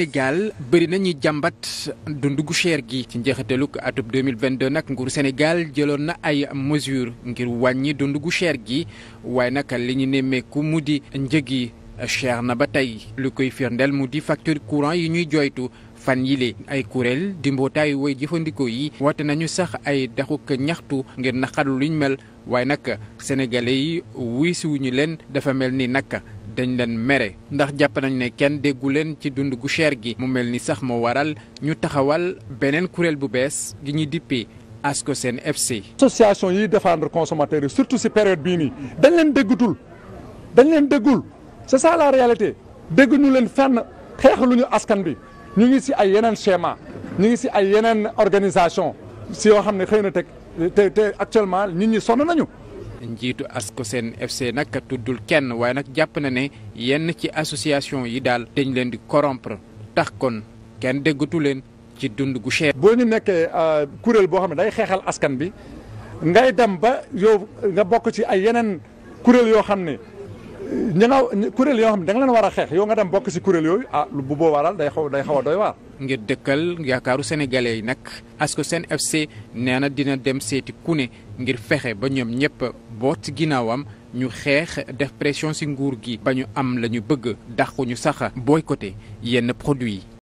Sénégal bëri na ñuy jàmbat dund gu cher gi ci njeexitalu atub 2022 nag nguuru Sénégal jëloon na ay mesures ngir wàññi dund gu cher gi waaye nag li ñu mu di njëg yi cher na ba tey lu koy firndeel mu di facture courant yi ñuy jooytu fan yile ay kuréel di mbootaayu way jëfandikoo yi woote nañu sax ay daxuk ñaxtu ngir naqarlu luñ mel waaye nag sénégalais yi wiisuwuñu leen dafa mel ni nag dañ leen mere ndax jàpp nañ ne kenn déggu leen ci dund gu cher gi mu mel ni sax moo waral ñu taxawal beneen kuréel bu bees gi ñuy dippee Ascosen FC. association yiy défendre consommateurs yi surtout si période bii nii dañ leen déggatul c'est ça la réalité dégg ñu leen fenn xeexaluñu askan bi ñu ngi si ay yeneen schéma ñu ngi si ay yeneen organisation si yoo xam ne xëy na teg te te actuellement nit ñi sonn nañu. njiitu seen FC nag tuddul kenn waaye nag jàpp na ne yenn ci association yi daal dañ leen di corrompre tax kon kenn déggatu leen ci dund gu cher. boo ñu nekkee euh, kuréel boo xam ne day xeexal askan bi ngay dem ba yow nga bokk ci ay yeneen kuréel yoo xam ne. ña kuréel yoo xam ne da leen war a xeex yow nga dem bokk si kuréel yooyu ah bu boobaa daal day xaw day xaw a doy waar. ngir dëkkal yaakaaru sénégalais yi nag ASCOSEN FC nee na dina dem seeti ku ne ngir fexe ba ñoom ñëpp boot ginnaawam ñu xeex def pression si nguur gi. ba ñu am la ñu bëgg ko ñu sax boycotté yenn produits yi.